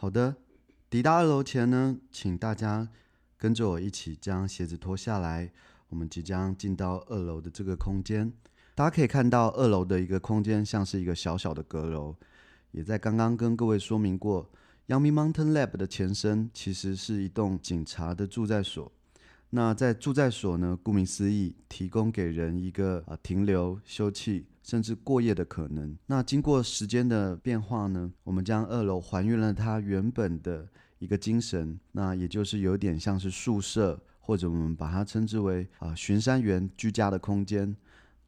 好的，抵達二樓前呢，請大家跟着我一起將鞋子脫下來。我們即將進到二樓的這個空間，大家可以看到二樓的一個空間像是一個小小的閣樓。也在剛剛跟各位說明過，Yangming Mountain Lab 的前身其實是一棟警察的住宅所。那在住宅所呢，顧名思義，提供給人一個啊、呃、停留休憩，甚至過夜的可能。那經過時間的變化呢，我們將二樓還原了它原本的一個精神，那也就是有點像是宿舍，或者我們把它稱之為啊、呃、巡山員居家的空間。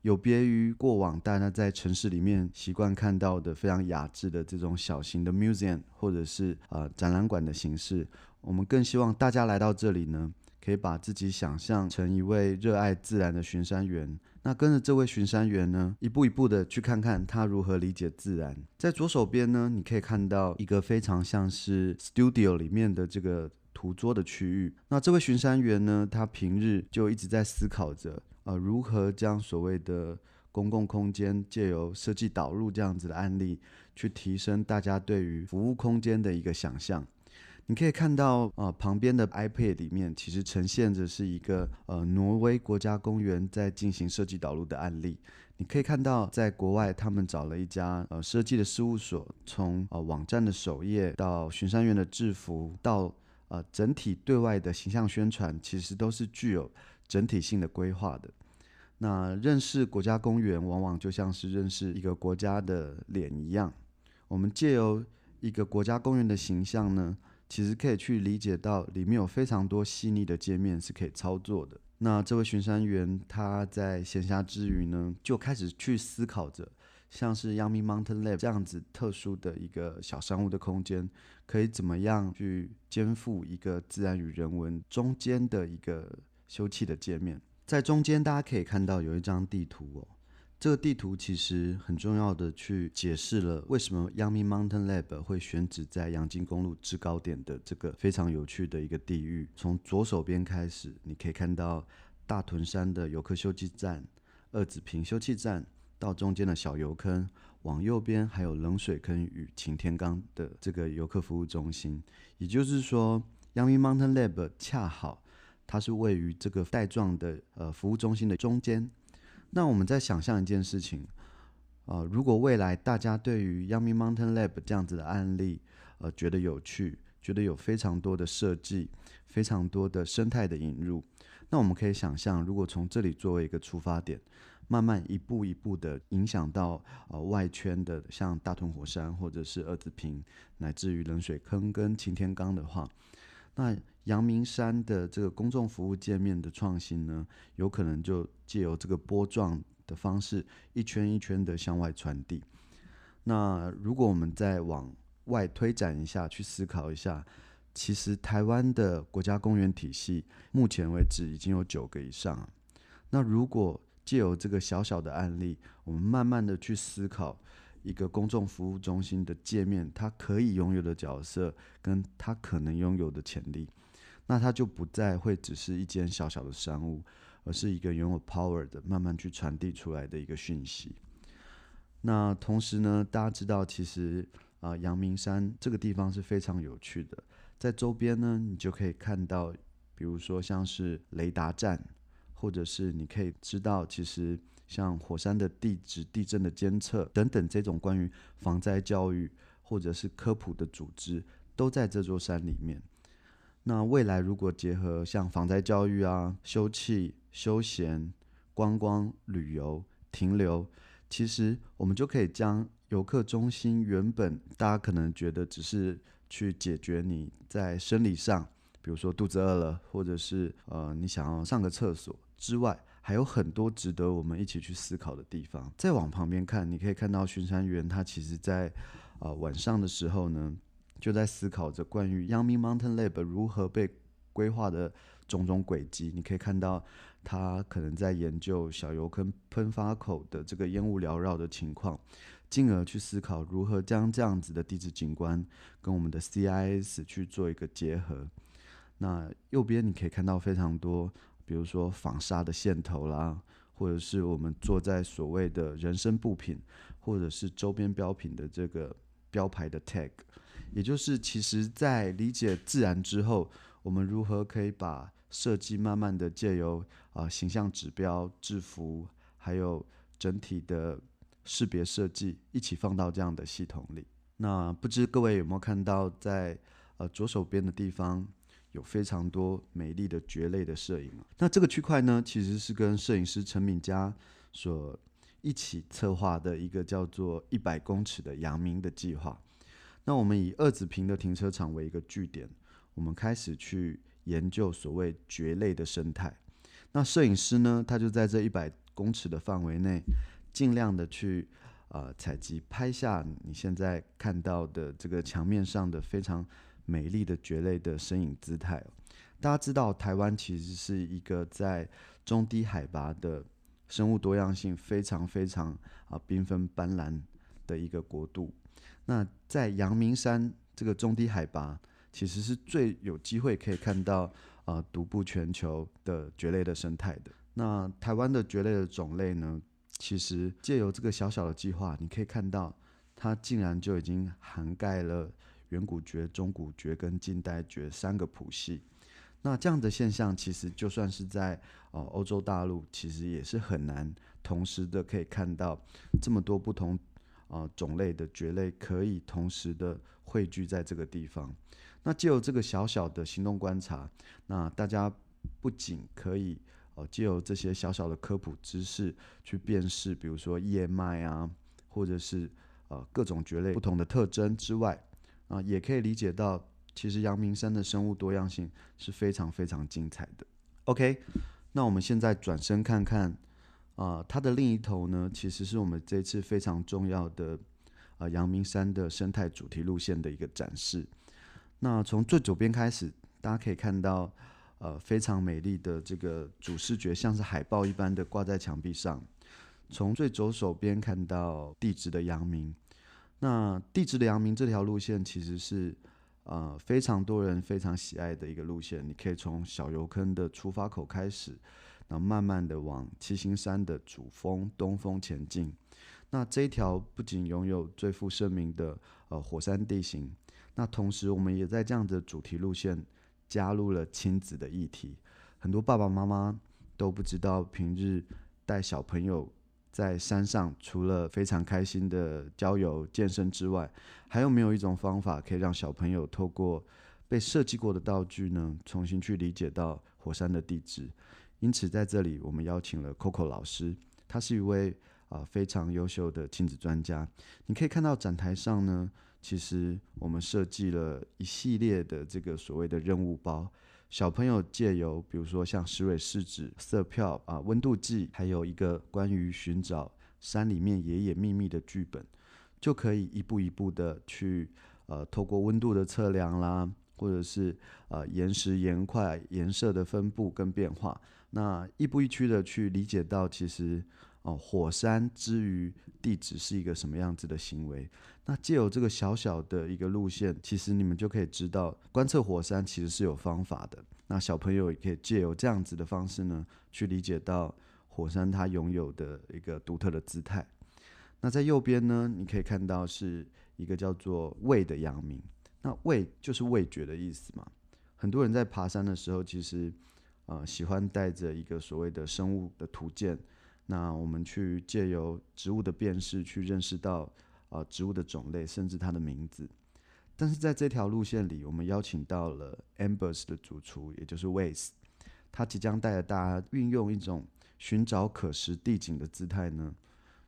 有別於過往大家在城市裡面習慣看到的非常雅致的這種小型的 museum 或者是啊、呃、展覽館的形式，我們更希望大家來到這裡呢，可以把自己想象成一位熱愛自然的巡山員。那跟着這位巡山員呢，一步一步的去看看他如何理解自然。在左手邊呢，你可以看到一個非常像是 studio 裡面的這個圖桌的區域。那這位巡山員呢，他平日就一直在思考着，呃，如何將所謂的公共空間借由設計導入這樣子的案例，去提升大家對於服務空間的一個想象。你可以看到，呃，旁邊的 iPad 裡面其實呈現着是一個呃挪威國家公園在進行設計導入的案例。你可以看到，在國外他們找了一家呃設計的事務所，從呃網站的首頁到巡山員的制服，到呃整體對外的形象宣傳，其實都是具有整體性的規劃的。那認識國家公園，往往就像是認識一個國家的臉一樣。我們借由一個國家公園的形象呢，其實可以去理解到，裡面有非常多細膩的界面是可以操作的。那這位巡山員他在閒暇之餘呢，就開始去思考着，像是 Yangming Mountain Lab 這樣子特殊的一個小山屋的空間，可以怎麼樣去肩負一個自然與人文中間的一個休憩的界面。在中間大家可以看到有一張地圖哦。這個地圖，其實很重要的去解釋了為什麼 Yangming Mountain Lab 會選址在陽金公路制高點的這個非常有趣的一個地域。從左手邊開始，你可以看到大屯山的遊客休憩站、二子坪休憩站，到中間的小油坑，往右邊還有冷水坑與擎天崗的這個遊客服務中心。也就是說，Yangming Mountain Lab 恰好它是位於這個帶狀的呃服務中心的中間。那我們再想象一件事情，呃，如果未來大家對於 Yangming Mountain Lab 這樣子的案例，呃，覺得有趣，覺得有非常多的設計，非常多的生態的引入，那我們可以想象，如果從這裡作為一個出發點，慢慢一步一步的影響到呃外圈的像大屯火山，或者是二子坪，乃至於冷水坑跟擎天岡的話。那陽明山的這個公眾服務界面的創新呢，有可能就借由這個波狀的方式，一圈一圈的向外傳遞。那如果我們再往外推展一下，去思考一下，其實台灣的國家公園體系，目前為止已經有九個以上。那如果借由這個小小的案例，我們慢慢的去思考。一個公眾服務中心的界面，它可以擁有的角色，跟它可能擁有的潛力，那它就不再會只是一間小小的商務，而是一個擁有 power 的，慢慢去傳遞出來的一個訊息。那同時呢，大家知道，其實啊、呃，陽明山這個地方是非常有趣的，在周邊呢，你就可以看到，比如說像是雷達站，或者是你可以知道，其實。像火山的地質、地震的監測等等，這種關於防災教育或者是科普的組織，都在這座山裡面。那未來如果結合像防災教育啊、休憩、休閒、觀光、旅遊停留，其實我們就可以將遊客中心原本大家可能覺得只是去解決你在生理上，比如說肚子餓了，或者是呃你想要上個廁所之外，還有很多值得我們一起去思考的地方。再往旁邊看，你可以看到巡山員他其實在啊、呃、晚上的時候呢，就在思考着關於 Yangming Mountain Lab 如何被規劃的種種軌跡。你可以看到他可能在研究小油坑噴發口的這個煙霧繚繞的情況，進而去思考如何將這樣子的地質景觀跟我們的 CIS 去做一個結合。那右邊你可以看到非常多。比如說紡紗的線頭啦，或者是我們坐在所謂的人身布品，或者是周邊標品的這個標牌的 tag，也就是其實，在理解自然之後，我們如何可以把設計慢慢的借由啊、呃、形象指標、制服，還有整體的識別設計一起放到這樣的系統裡。那不知各位有沒有看到在呃左手邊的地方？有非常多美麗的蕨類的攝影。那這個區塊呢，其實是跟攝影師陳敏佳所一起策劃的一個叫做“一百公尺的陽明”的計劃。那我們以二子坪的停車場為一個據點，我們開始去研究所謂蕨類的生態。那攝影師呢，他就在這一百公尺的範圍內，盡量的去呃採集、拍下你現在看到的這個牆面上的非常，美麗的蕨類的身影姿態。大家知道台灣其實是一個在中低海拔的生物多樣性非常非常啊繽紛斑斕的一個國度。那在陽明山這個中低海拔，其實是最有機會可以看到啊獨步全球的蕨類的生態的。那台灣的蕨類的種類呢，其實借由這個小小的計劃，你可以看到它竟然就已經涵蓋了。遠古蕨、中古蕨跟近代蕨三個譜系，那這樣的現象其實就算是在呃歐洲大陸，其實也是很難同時的可以看到這麼多不同啊、呃、種類的蕨類可以同時的匯聚在這個地方。那借由這個小小的行動觀察，那大家不僅可以哦借、呃、由這些小小的科普知識去辨識，比如說葉脈啊，或者是呃各種蕨類不同的特徵之外。啊、呃，也可以理解到，其實陽明山的生物多樣性是非常非常精彩的。OK，那我們現在轉身看看，啊、呃，它的另一頭呢，其實是我們這次非常重要的，啊、呃，陽明山的生態主題路線的一個展示。那從最左邊開始，大家可以看到，呃，非常美麗的這個主視覺，像是海報一般的掛在牆壁上。從最左手邊看到地質的陽明。那地質的陽明這條路線其實是，呃，非常多人非常喜愛的一個路線。你可以從小油坑的出發口開始，然後慢慢的往七星山的主峰東峰前進。那這一條不僅擁有最負盛名的呃火山地形，那同時我們也在這樣的主題路線加入了親子的議題。很多爸爸媽媽都不知道平日帶小朋友，在山上，除了非常開心的郊遊、健身之外，還有沒有一種方法可以讓小朋友透過被設計過的道具呢，重新去理解到火山的地質？因此，在這裡我們邀請了 Coco 老師，他是一位啊、呃、非常優秀的親子專家。你可以看到展台上呢，其實我們設計了一系列的這個所謂的任務包。小朋友借由，比如說像石蕊試紙、色票啊、溫度計，還有一個關於尋找山裡面爺爺秘密的劇本，就可以一步一步的去，呃，透過溫度的測量啦，或者是呃岩石岩塊顏色的分布跟變化，那亦步亦趨的去理解到其實。哦，火山之於地質，是一個什麼樣子的行為？那借由這個小小的一個路線，其實你們就可以知道，觀測火山其實是有方法的。那小朋友也可以借由這樣子的方式呢，去理解到火山它擁有的一個獨特的姿態。那在右邊呢，你可以看到是一個叫做“味”的陽明，那“味”就是味覺的意思嘛。很多人在爬山的時候，其實呃喜歡帶着一個所謂的生物的圖鑑。那我們去借由植物的辨識去認識到，啊植物的種類甚至它的名字。但是在這條路線裡，我們邀請到了 Embers 的主廚，也就是 Wes，他即將帶着大家運用一種尋找可食地景的姿態呢，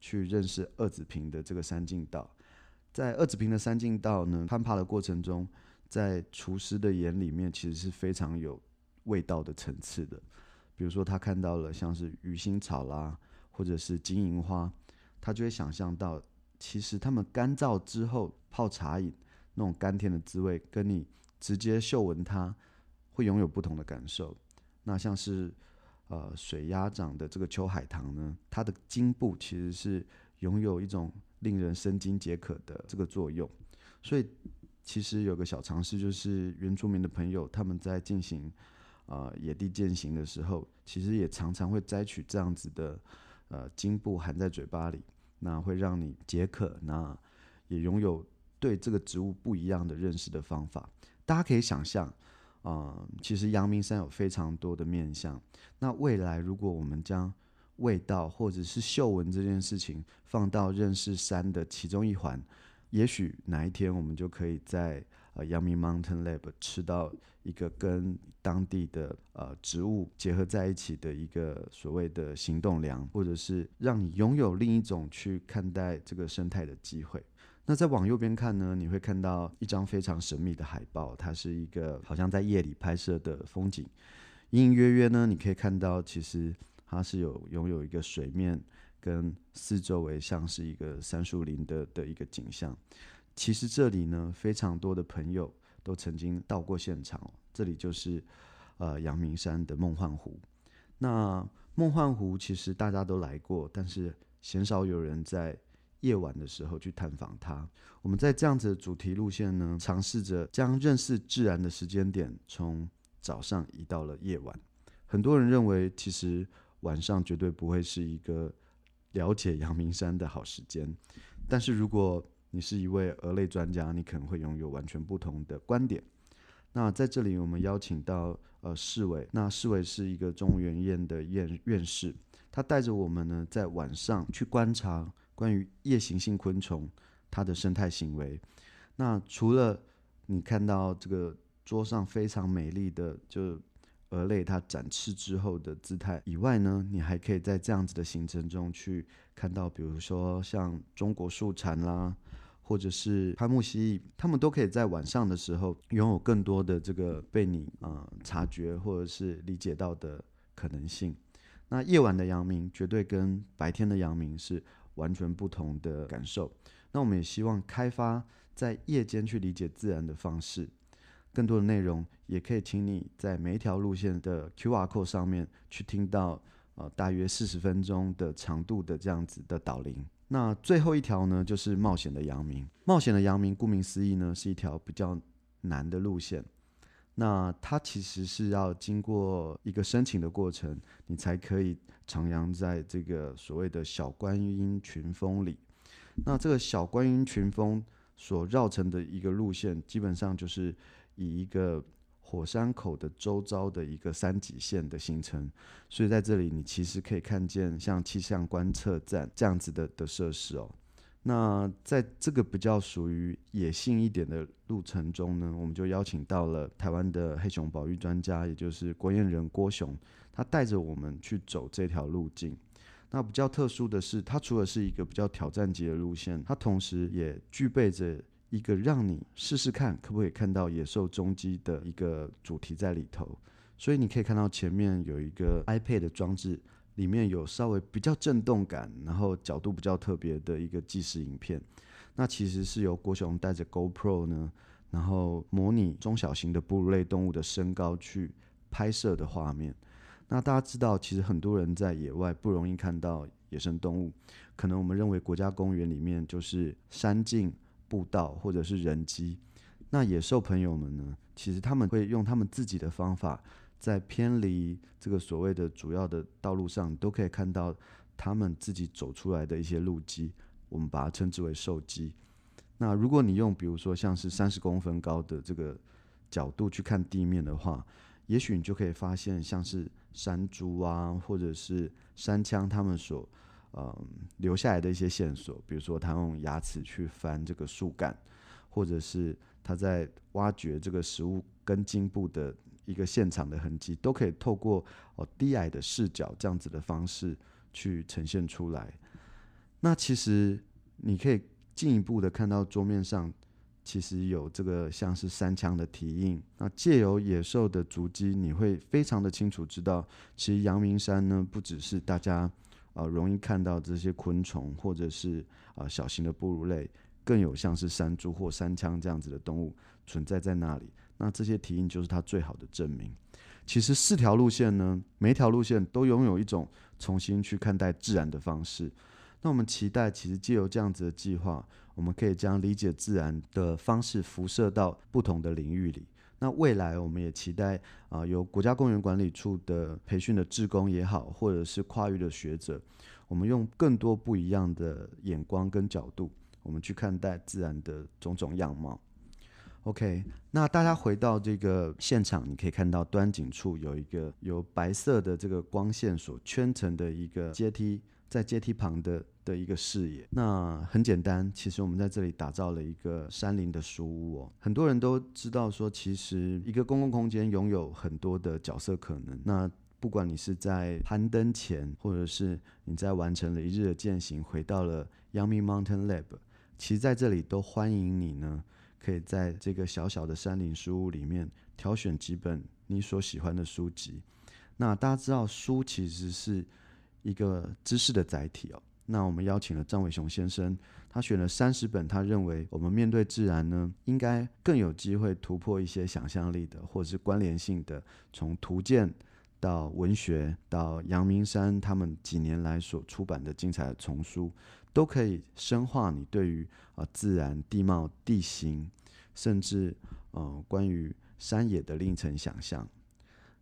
去認識二子坪的這個山徑道。在二子坪的山徑道呢，攀爬的過程中，在廚師的眼裡面其實是非常有味道的層次的。比如說他看到了像是魚腥草啦。或者是金銀花，他就會想象到，其實他們乾燥之後泡茶飲，那種甘甜的滋味，跟你直接嗅聞它，會擁有不同的感受。那像是呃水鴨掌的這個秋海棠呢，它的莖部其實是擁有一種令人生津解渴的這個作用。所以其實有個小嘗試，就是原住民的朋友他們在進行呃野地健行的時候，其實也常常會摘取這樣子的。呃，莖部含在嘴巴裡，那會讓你解渴，那也擁有對這個植物不一樣的認識的方法。大家可以想象，啊、呃，其實陽明山有非常多的面向。那未來如果我們將味道或者是嗅聞這件事情放到認識山的其中一環，也許哪一天我們就可以在。呃，陽明 Mountain Lab 吃到一個跟當地的呃植物結合在一起的一個所謂的行動糧，或者是讓你擁有另一種去看待這個生態的機會。那再往右邊看呢，你會看到一張非常神秘的海報，它是一個好像在夜裡拍攝的風景，隱隱約約呢，你可以看到其實它是有擁有一個水面跟四周圍像是一個山樹林的的一個景象。其實這裡呢，非常多的朋友都曾經到過現場。這裡就是，呃，陽明山的夢幻湖。那夢幻湖其實大家都來過，但是鮮少有人在夜晚的時候去探訪它。我們在這樣子的主題路線呢，嘗試着將認識自然的時間點從早上移到了夜晚。很多人認為，其實晚上絕對不會是一個了解陽明山的好時間，但是如果你是一位蛾類專家，你可能會擁有完全不同的觀點。那在這裡，我們邀請到呃，世偉。那世偉是一個中研院的院院士，他帶着我們呢，在晚上去觀察關於夜行性昆蟲它的生態行為。那除了你看到這個桌上非常美麗的，就蛾類它展翅之後的姿態以外呢，你還可以在這樣子的行程中去看到，比如說像中國樹蟬啦。或者是攀木蜥蜴，他們都可以在晚上的時候擁有更多的這個被你呃察覺或者是理解到的可能性。那夜晚的陽明絕對跟白天的陽明是完全不同的感受。那我們也希望開發在夜間去理解自然的方式。更多的內容也可以請你在每一條路線的 QR code 上面去聽到呃大約四十分鐘的長度的這樣子的導聆。那最後一條呢，就是冒險的陽明。冒險的陽明，顧名思義呢，是一條比較難的路線。那它其實是要經過一個申請的過程，你才可以徜徉在這個所謂的小觀音群峰裡。那這個小觀音群峰所繞成的一個路線，基本上就是以一個火山口的周遭的一個山脊線的形成，所以在這裡你其實可以看見像氣象觀測站這樣子的的設施哦。那在這個比較屬於野性一點的路程中呢，我們就邀請到了台灣的黑熊保育專家，也就是郭彥仁郭熊，他帶着我們去走這條路徑。那比較特殊的是，它除了是一個比較挑戰級的路線，它同時也具備着。一個讓你試試看可不可以看到野獸蹤跡的一個主題在裡頭，所以你可以看到前面有一個 iPad 的裝置，裡面有稍微比較震動感，然後角度比較特別的一個紀實影片。那其實是由郭雄帶着 GoPro 呢，然後模擬中小型的哺乳類動物的身高去拍攝的畫面。那大家知道，其實很多人在野外不容易看到野生動物，可能我們認為國家公園裡面就是山徑。步道或者是人徑，那野獸朋友們呢？其實他們會用他們自己的方法，在偏離這個所謂的主要的道路上，都可以看到他們自己走出來的一些路徑，我們把它稱之為獸徑。那如果你用比如說像是三十公分高的這個角度去看地面的話，也許你就可以發現像是山豬啊，或者是山羌他們所。嗯，留下來的一些線索，比如說他用牙齒去翻這個樹幹，或者是他在挖掘這個食物根莖部的一個現場的痕跡，都可以透過哦低矮的視角這樣子的方式去呈現出來。那其實你可以進一步的看到桌面上其實有這個像是山羌的蹄印，那借由野獸的足跡，你會非常的清楚知道，其實陽明山呢，不只是大家啊，容易看到這些昆蟲，或者是啊小型的哺乳類，更有像是山豬或山羌這樣子的動物存在在那裡。那這些蹄印就是它最好的證明。其實四條路線呢，每一條路線都擁有一種重新去看待自然的方式。那我們期待，其實借由這樣子的計劃，我們可以將理解自然的方式輻射到不同的領域裡。那未來我們也期待啊、呃，由國家公園管理處的培訓的志工也好，或者是跨域的學者，我們用更多不一樣的眼光跟角度，我們去看待自然的種種樣貌。OK，那大家回到這個現場，你可以看到端景處有一個由白色的這個光線所圈成的一個階梯。在階梯旁的的一個視野，那很簡單。其實我們在這裡打造了一個山林的書屋哦。很多人都知道說，其實一個公共空間擁有很多的角色可能。那不管你是在攀登前，或者是你在完成了一日的健行，回到了 Yangming Mountain Lab，其實在這裡都歡迎你呢。可以在這個小小的山林書屋裡面挑選幾本你所喜歡的書籍。那大家知道，書其實是。一個知識的載體哦。那我們邀請了張偉雄先生，他選了三十本，他認為我們面對自然呢，應該更有機會突破一些想象力的，或者是關聯性的。從圖鑑到文學，到陽明山，他們幾年來所出版的精彩的叢書，都可以深化你對於啊、呃、自然地貌、地形，甚至嗯、呃、關於山野的另一層想象。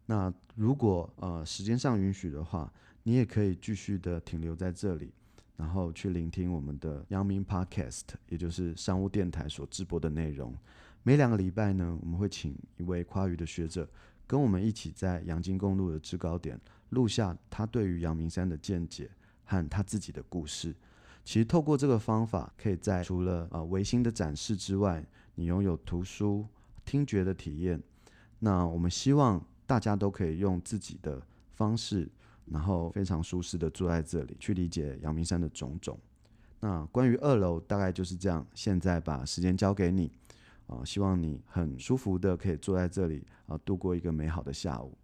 那如果呃時間上允許的話，你也可以繼續的停留在這裡，然後去聆聽我們的陽明 Podcast，也就是商務電台所直播的內容。每兩個禮拜呢，我們會請一位跨域的學者跟我們一起在陽金公路的制高點錄下他對於陽明山的見解和他自己的故事。其實透過這個方法，可以在除了啊維新的展示之外，你擁有圖書聽覺的體驗。那我們希望大家都可以用自己的方式。然後非常舒適的坐在這裡，去理解陽明山的種種。那關於二樓大概就是這樣。現在把時間交給你，啊、呃，希望你很舒服的可以坐在這裡啊、呃，度過一個美好的下午。